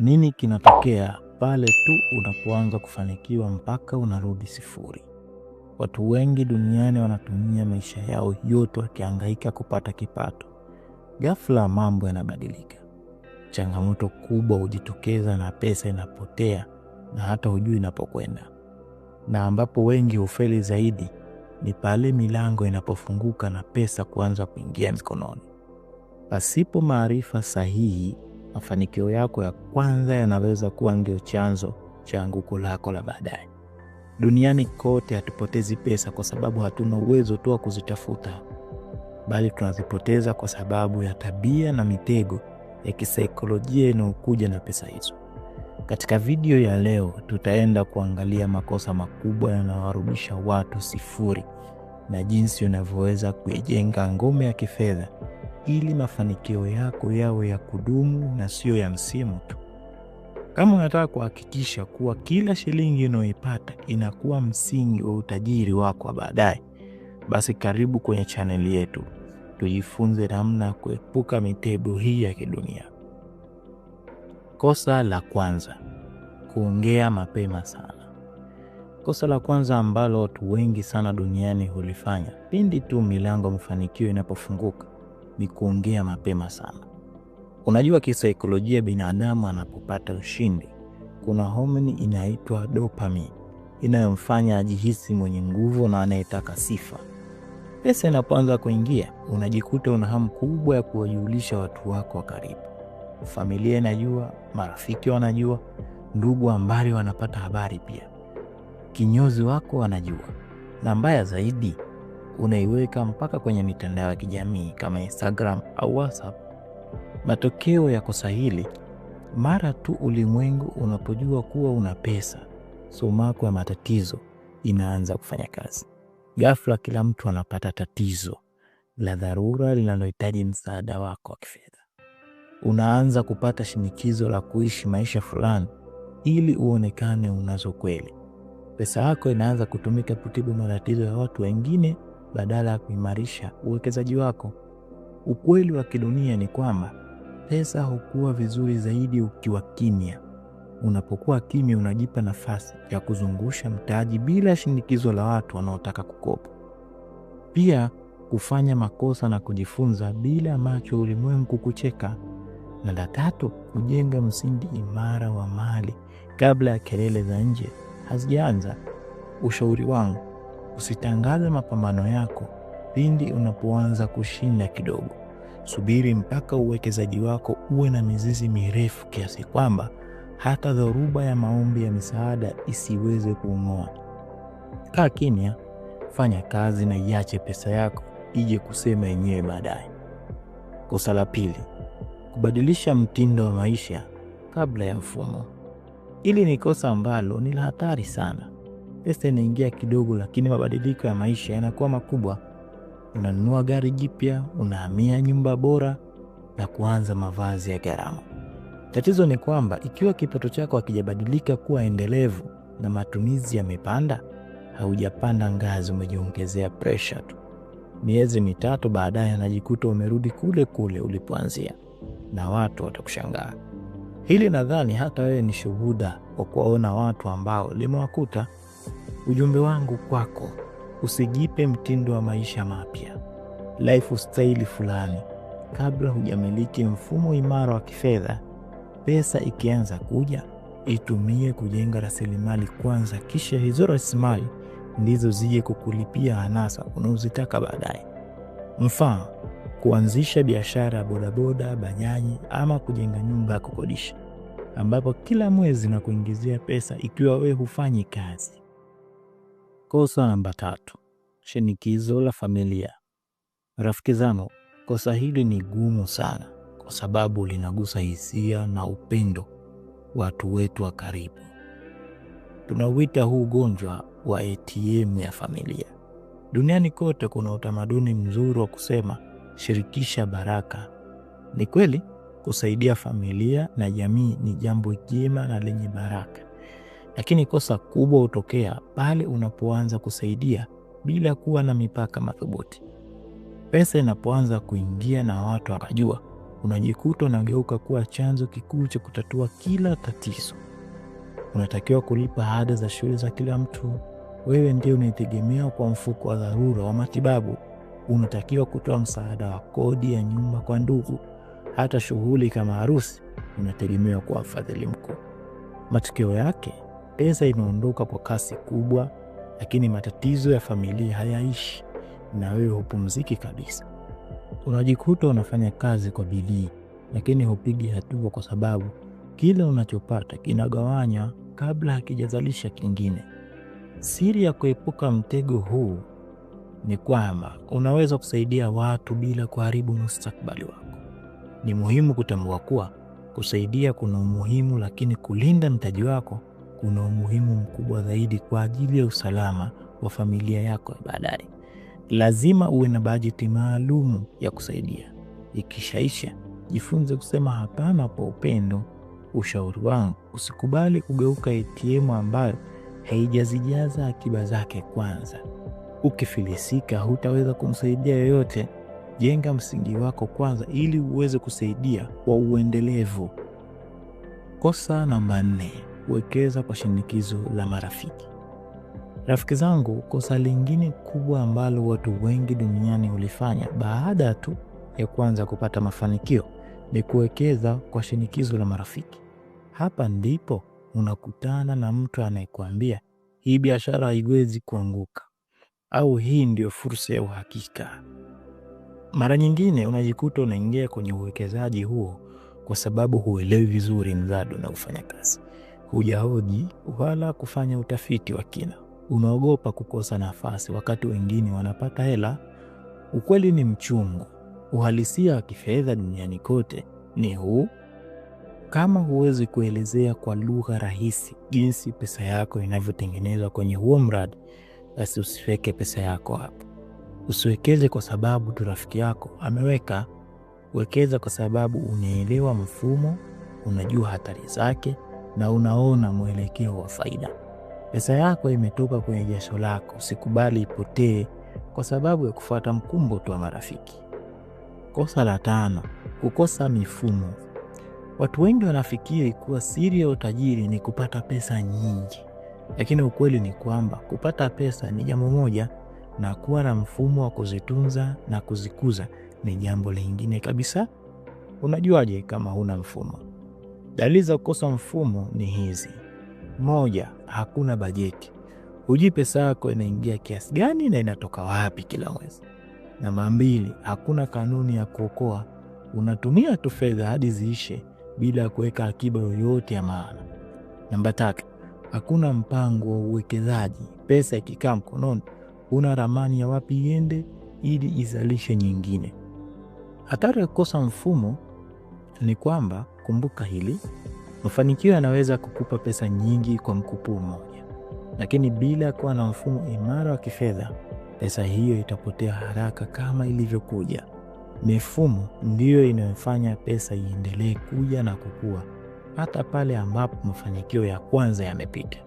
Nini kinatokea pale tu unapoanza kufanikiwa mpaka unarudi sifuri? Watu wengi duniani wanatumia maisha yao yote wakihangaika kupata kipato. Ghafla mambo yanabadilika, changamoto kubwa hujitokeza na pesa inapotea na hata hujui inapokwenda. Na ambapo wengi hufeli zaidi ni pale milango inapofunguka na pesa kuanza kuingia mikononi. Pasipo maarifa sahihi mafanikio yako ya kwanza yanaweza kuwa ndio chanzo cha anguko lako la baadaye. Duniani kote hatupotezi pesa kwa sababu hatuna uwezo tu wa kuzitafuta, bali tunazipoteza kwa sababu ya tabia na mitego ya kisaikolojia inayokuja na pesa hizo. Katika video ya leo, tutaenda kuangalia makosa makubwa yanayowarudisha watu sifuri na jinsi unavyoweza kuijenga ngome ya kifedha ili mafanikio yako yawe ya kudumu na siyo ya msimu tu. Kama unataka kuhakikisha kuwa kila shilingi unayoipata inakuwa msingi wa utajiri wako wa baadaye, basi karibu kwenye chaneli yetu tujifunze namna ya kuepuka mitego hii ya kidunia. Kosa la kwanza, kuongea mapema sana. Kosa la kwanza ambalo watu wengi sana duniani hulifanya pindi tu milango mafanikio inapofunguka ni kuongea mapema sana. Unajua, kisaikolojia binadamu anapopata ushindi, kuna homoni inaitwa dopamine inayomfanya ajihisi mwenye nguvu na anayetaka sifa. Pesa inapoanza kuingia, unajikuta una hamu kubwa ya kuwajulisha watu wako wa karibu. Familia inajua, marafiki wanajua, ndugu ambali wanapata habari pia, kinyozi wako wanajua, na mbaya zaidi unaiweka mpaka kwenye mitandao ya kijamii kama Instagram au WhatsApp. Matokeo ya kosa hili, mara tu ulimwengu unapojua kuwa una pesa, sumaku ya matatizo inaanza kufanya kazi. Ghafla kila mtu anapata tatizo la dharura linalohitaji msaada wako wa kifedha. Unaanza kupata shinikizo la kuishi maisha fulani ili uonekane unazo kweli. Pesa yako inaanza kutumika kutibu matatizo ya watu wengine badala ya kuimarisha uwekezaji wako. Ukweli wa kidunia ni kwamba pesa hukua vizuri zaidi ukiwa kimya. Unapokuwa kimya, unajipa nafasi ya kuzungusha mtaji bila shinikizo la watu wanaotaka kukopa. Pia kufanya makosa na kujifunza bila macho ulimwengu kucheka. Na la tatu, kujenga msingi imara wa mali kabla ya kelele za nje hazijaanza. Ushauri wangu Usitangaze mapambano yako pindi unapoanza kushinda kidogo. Subiri mpaka uwekezaji wako uwe na mizizi mirefu kiasi kwamba hata dhoruba ya maombi ya misaada isiweze kuung'oa. Kaa kimya, fanya kazi na iache pesa yako ije kusema yenyewe baadaye. Kosa la pili, kubadilisha mtindo wa maisha kabla ya mfumo. Hili ni kosa ambalo ni la hatari sana pesa inaingia kidogo, lakini mabadiliko ya maisha yanakuwa makubwa. Unanunua gari jipya, unahamia nyumba bora na kuanza mavazi ya gharama. Tatizo ni kwamba ikiwa kipato chako hakijabadilika kuwa endelevu na matumizi yamepanda, haujapanda ngazi, umejiongezea presha tu. Miezi mitatu baadaye anajikuta umerudi kule kule ulipoanzia na watu watakushangaa. Hili nadhani hata wewe ni shuhuda kwa kuwaona watu ambao limewakuta. Ujumbe wangu kwako, usijipe mtindo wa maisha mapya, lifestyle fulani, kabla hujamiliki mfumo imara wa kifedha. Pesa ikianza kuja, itumie kujenga rasilimali kwanza, kisha hizo rasilimali ndizo zije kukulipia hanasa unaozitaka baadaye. Mfano, kuanzisha biashara ya bodaboda, bajaji ama kujenga nyumba ya kukodisha, ambapo kila mwezi na kuingizia pesa ikiwa wewe hufanyi kazi. Kosa namba tatu: shinikizo la familia. Rafiki zangu, kosa hili ni gumu sana, kwa sababu linagusa hisia na upendo watu wetu wa karibu. Tunauita huu ugonjwa wa ATM ya familia. Duniani kote kuna utamaduni mzuri wa kusema shirikisha baraka. Ni kweli, kusaidia familia na jamii ni jambo jema na lenye baraka, lakini kosa kubwa hutokea pale unapoanza kusaidia bila kuwa na mipaka madhubuti. Pesa inapoanza kuingia na watu wakajua, unajikuta unageuka kuwa chanzo kikuu cha kutatua kila tatizo. Unatakiwa kulipa ada za shule za kila mtu, wewe ndio unaitegemea kwa mfuko wa dharura wa matibabu. Unatakiwa kutoa msaada wa kodi ya nyumba kwa ndugu. Hata shughuli kama harusi unategemewa kuwa mfadhili mkuu. Matokeo yake Pesa inaondoka kwa kasi kubwa, lakini matatizo ya familia hayaishi, na wewe hupumziki kabisa. Unajikuta unafanya kazi kwa bidii, lakini hupigi hatua kwa sababu kile unachopata kinagawanywa kabla hakijazalisha kingine. Siri ya kuepuka mtego huu ni kwamba unaweza kusaidia watu bila kuharibu mustakabali wako. Ni muhimu kutambua kuwa kusaidia kuna umuhimu, lakini kulinda mtaji wako kuna umuhimu mkubwa zaidi kwa ajili ya usalama wa familia yako ya baadaye. Lazima uwe na bajeti maalum ya kusaidia. Ikishaisha, jifunze kusema hapana kwa upendo. Ushauri wangu, usikubali kugeuka ATM ambayo haijazijaza akiba zake kwanza. Ukifilisika, hutaweza kumsaidia yoyote. Jenga msingi wako kwanza ili uweze kusaidia kwa uendelevu. Kosa namba nne: kuwekeza kwa shinikizo la marafiki. Rafiki zangu, kosa lingine kubwa ambalo watu wengi duniani hulifanya baada tu ya kuanza kupata mafanikio ni kuwekeza kwa shinikizo la marafiki. Hapa ndipo unakutana na mtu anayekuambia hii biashara haiwezi kuanguka, au hii ndio fursa ya uhakika. Mara nyingine unajikuta unaingia kwenye uwekezaji huo kwa sababu huelewi vizuri mradi unaofanya kazi hujahoji wala kufanya utafiti wa kina. unaogopa kukosa nafasi wakati wengine wanapata hela. Ukweli ni mchungu, uhalisia wa kifedha duniani kote ni huu. Kama huwezi kuelezea kwa lugha rahisi jinsi pesa yako inavyotengenezwa kwenye huo mradi, basi usiweke pesa yako hapo. Usiwekeze kwa sababu tu rafiki yako ameweka, wekeza kwa sababu unaelewa mfumo, unajua hatari zake na unaona mwelekeo wa faida. Pesa yako imetoka kwenye jasho lako, usikubali ipotee kwa sababu ya kufuata mkumbo tu wa marafiki. Kosa la tano, kukosa mifumo. Watu wengi wanafikia kuwa siri ya utajiri ni kupata pesa nyingi, lakini ukweli ni kwamba kupata pesa ni jambo moja na kuwa na mfumo wa kuzitunza na kuzikuza ni jambo lingine kabisa. Unajuaje kama huna mfumo? Dalili za kukosa mfumo ni hizi: moja, hakuna bajeti, hujui pesa yako inaingia kiasi gani na inatoka wapi kila mwezi. Namba mbili, hakuna kanuni ya kuokoa, unatumia tu fedha hadi ziishe bila kuweka akiba yoyote ya maana. Namba tatu, hakuna mpango wa uwekezaji, pesa ikikaa mkononi huna ramani ya wapi iende ili izalishe nyingine. Hatari ya kukosa mfumo ni kwamba Kumbuka hili, mafanikio yanaweza kukupa pesa nyingi kwa mkupuo mmoja, lakini bila kuwa na mfumo imara wa kifedha, pesa hiyo itapotea haraka kama ilivyokuja. Mifumo ndiyo inayofanya pesa iendelee kuja na kukua hata pale ambapo mafanikio ya kwanza yamepita.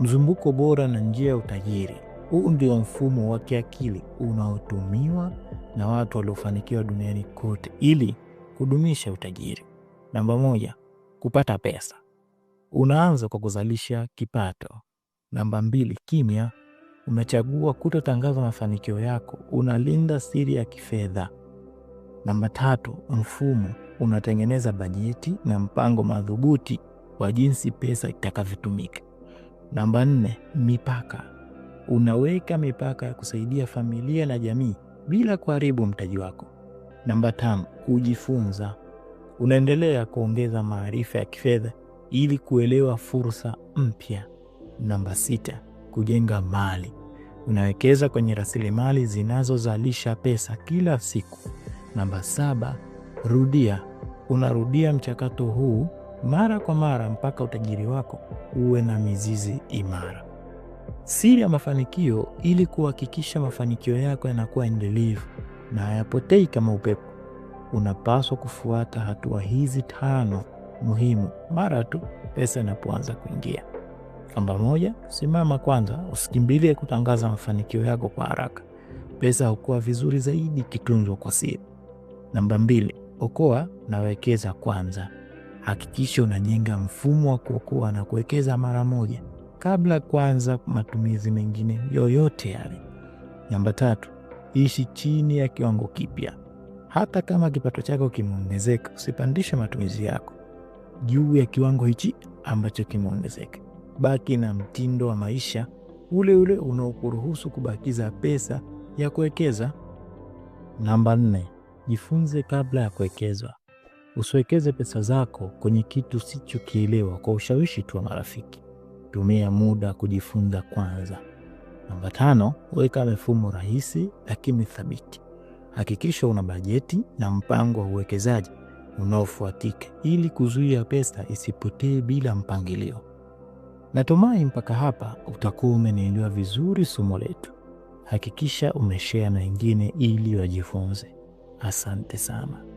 Mzunguko bora na njia ya utajiri. Huu ndio mfumo wa kiakili unaotumiwa na watu waliofanikiwa duniani kote ili kudumisha utajiri. Namba moja, kupata pesa. Unaanza kwa kuzalisha kipato. Namba mbili, kimya. Unachagua kutotangaza mafanikio yako, unalinda siri ya kifedha. Namba tatu, mfumo. Unatengeneza bajeti na mpango madhubuti wa jinsi pesa itakavyotumika. Namba nne, mipaka. Unaweka mipaka ya kusaidia familia na jamii bila kuharibu mtaji wako. Namba tano, kujifunza unaendelea kuongeza maarifa ya kifedha ili kuelewa fursa mpya. Namba sita, kujenga mali. Unawekeza kwenye rasilimali zinazozalisha pesa kila siku. Namba saba, rudia. Unarudia mchakato huu mara kwa mara mpaka utajiri wako uwe na mizizi imara. Siri ya mafanikio: ili kuhakikisha mafanikio yako yanakuwa endelevu na hayapotei kama upepo unapaswa kufuata hatua hizi tano muhimu mara tu pesa inapoanza kuingia. Namba moja, simama kwanza, usikimbilie kutangaza mafanikio yako kwa haraka. Pesa hukua vizuri zaidi ikitunzwa kwa siri. Namba mbili, okoa na wekeza kwanza. Hakikisha unajenga mfumo wa kuokoa na kuwekeza mara moja kabla kwanza matumizi mengine yoyote yale. Namba tatu, ishi chini ya kiwango kipya. Hata kama kipato chako kimeongezeka, usipandishe matumizi yako juu ya kiwango hichi ambacho kimeongezeka. Baki na mtindo wa maisha ule ule unaokuruhusu kubakiza pesa ya kuwekeza. Namba nne, jifunze kabla ya kuwekezwa. Usiwekeze pesa zako kwenye kitu usichokielewa kwa ushawishi tu wa marafiki. Tumia muda kujifunza kwanza. Namba tano, weka mifumo rahisi lakini thabiti hakikisha una bajeti na mpango wa uwekezaji unaofuatika ili kuzuia pesa isipotee bila mpangilio. Natumai mpaka hapa utakuwa umenielewa vizuri somo letu. Hakikisha umeshea na wengine ili wajifunze. Asante sana.